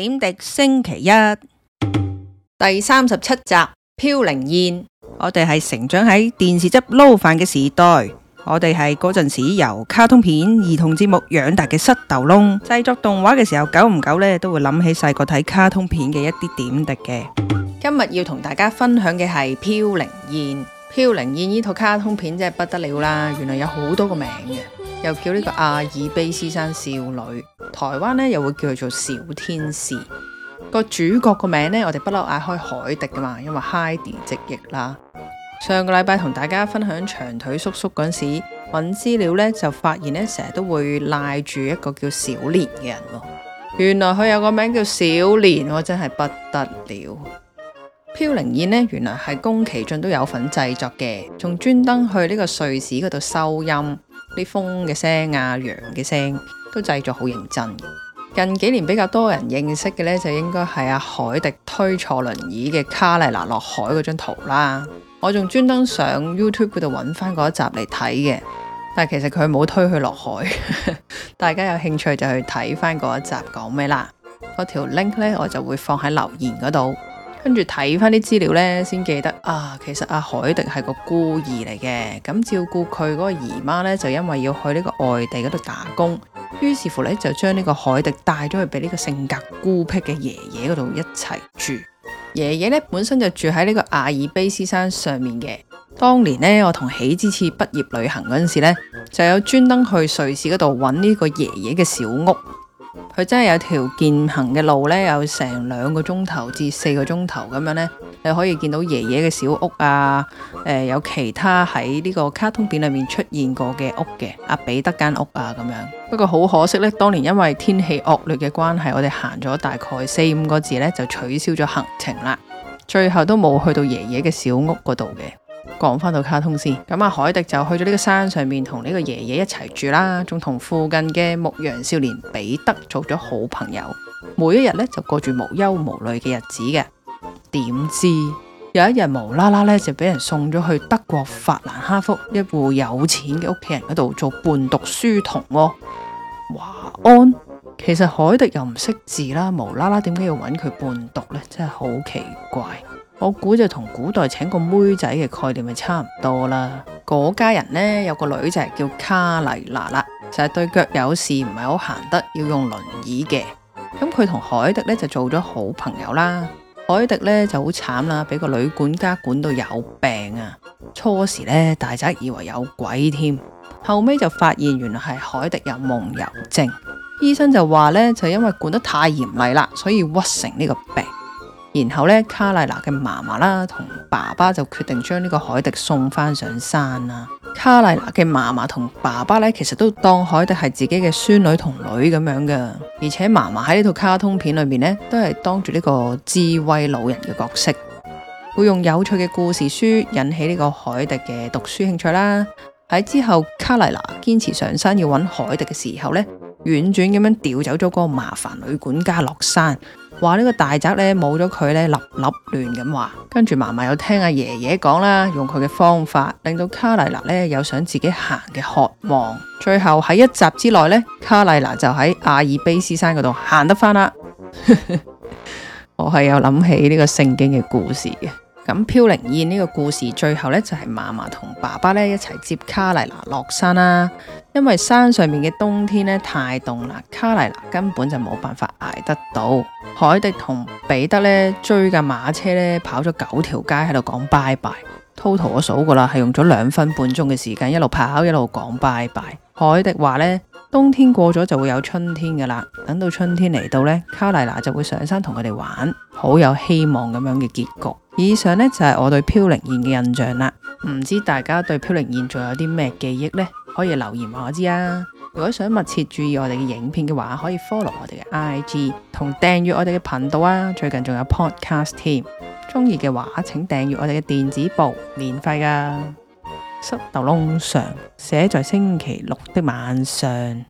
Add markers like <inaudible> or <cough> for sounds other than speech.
點滴星期一第三十七集《飄零燕》 <noise> 我哋係成長喺電視汁撈飯嘅時代，我哋係嗰陣時由卡通片、兒童節目養大嘅膝頭窿。製作動畫嘅時候，久唔久呢都會諗起細個睇卡通片嘅一啲點滴嘅。今日要同大家分享嘅係《飄零燕》。《飄零燕》呢套卡通片真係不得了啦！原來有好多個名嘅。又叫呢個阿爾卑斯山少女，台灣呢又會叫佢做小天使。個主角個名呢，我哋不嬲嗌開海迪噶嘛，因為 Heidi 直譯啦。上個禮拜同大家分享長腿叔叔嗰陣時，搵資料呢就發現呢，成日都會賴住一個叫小蓮嘅人咯。原來佢有個名叫小蓮，我真係不得了。飄零燕呢，原來係宮崎駿都有份製作嘅，仲專登去呢個瑞士嗰度收音。啲風嘅聲啊，羊嘅聲都製作好認真。近幾年比較多人認識嘅呢，就應該係阿、啊、海迪推坐輪椅嘅卡麗娜落海嗰張圖啦。我仲專登上 YouTube 嗰度揾翻嗰一集嚟睇嘅，但係其實佢冇推去落海。 <laughs> 大家有興趣就去睇翻嗰一集講咩啦。嗰條 link 呢，我就會放喺留言嗰度。跟住睇翻啲資料呢，先記得啊，其實阿、啊、海迪係個孤兒嚟嘅，咁照顧佢嗰個姨媽呢，就因為要去呢個外地嗰度打工，於是乎呢，就將呢個海迪帶咗去俾呢個性格孤僻嘅爺爺嗰度一齊住。爺爺呢，本身就住喺呢個阿爾卑斯山上面嘅。當年呢，我同喜之次畢業旅行嗰陣時呢，就有專登去瑞士嗰度揾呢個爺爺嘅小屋。佢真係有條健行嘅路呢，有成兩個鐘頭至四個鐘頭咁樣呢，你可以見到爺爺嘅小屋啊，誒、呃、有其他喺呢個卡通片裏面出現過嘅屋嘅，阿、啊、彼得間屋啊咁樣。不過好可惜呢，當年因為天氣惡劣嘅關係，我哋行咗大概四五個字呢，就取消咗行程啦，最後都冇去到爺爺嘅小屋嗰度嘅。講翻到卡通先，咁啊，海迪就去咗呢個山上面同呢個爺爺一齊住啦，仲同附近嘅牧羊少年彼得做咗好朋友，每一日呢，就過住無憂無慮嘅日子嘅。點知有一日無啦啦呢，就俾人送咗去德國法蘭克福一戶有錢嘅屋企人嗰度做伴讀書童喎、哦。華安其實海迪又唔識字啦，無啦啦點解要揾佢伴讀呢？真係好奇怪。我估就同古代請個妹仔嘅概念咪差唔多啦。嗰家人呢，有個女仔叫卡麗娜啦，就係對腳有事唔係好行得，要用輪椅嘅。咁佢同海迪呢，就做咗好朋友啦。海迪呢，就好慘啦，俾個女管家管到有病啊。初時呢，大家以為有鬼添，後尾就發現原來係海迪有夢遊症。醫生就話呢，就因為管得太嚴厲啦，所以屈成呢個病。然後呢，卡麗娜嘅媽媽啦同爸爸就決定將呢個海迪送翻上山。卡麗娜嘅媽媽同爸爸呢，其實都當海迪係自己嘅孫女同女咁樣嘅。而且媽媽喺呢套卡通片裏面呢，都係當住呢個智慧老人嘅角色，會用有趣嘅故事書引起呢個海迪嘅讀書興趣啦。喺之後，卡麗娜堅持上山要搵海迪嘅時候呢。婉轉咁樣調走咗嗰個麻煩女管家落山，話呢個大宅咧冇咗佢呢，立立亂咁話。跟住嫲嫲又聽阿爺爺講啦，用佢嘅方法令到卡麗娜呢有想自己行嘅渴望。最後喺一集之內呢，卡麗娜就喺阿爾卑斯山嗰度行得返啦。 <laughs> 我係有諗起呢個聖經嘅故事嘅。咁飄零燕呢個故事最後呢，就係嫲嫲同爸爸呢一齊接卡麗娜落山啦。因為山上面嘅冬天咧太凍啦，卡麗娜根本就冇辦法挨得到。海迪同彼得咧追架馬車咧，跑咗九條街喺度講拜拜。Total 我數過啦，係用咗兩分半鐘嘅時間，一路跑一路講拜拜。海迪話呢，冬天過咗就會有春天噶啦，等到春天嚟到呢，卡麗娜就會上山同佢哋玩，好有希望咁樣嘅結局。以上呢，就係、是、我對飄零燕嘅印象啦，唔知大家對飄零燕仲有啲咩記憶呢？可以留言話我知啊！如果想密切注意我哋嘅影片嘅話，可以 follow 我哋嘅 IG 同訂閱我哋嘅頻道啊！最近仲有 podcast 添，中意嘅話請訂閱我哋嘅電子報，免費噶。塞豆窿上，寫在星期六的晚上。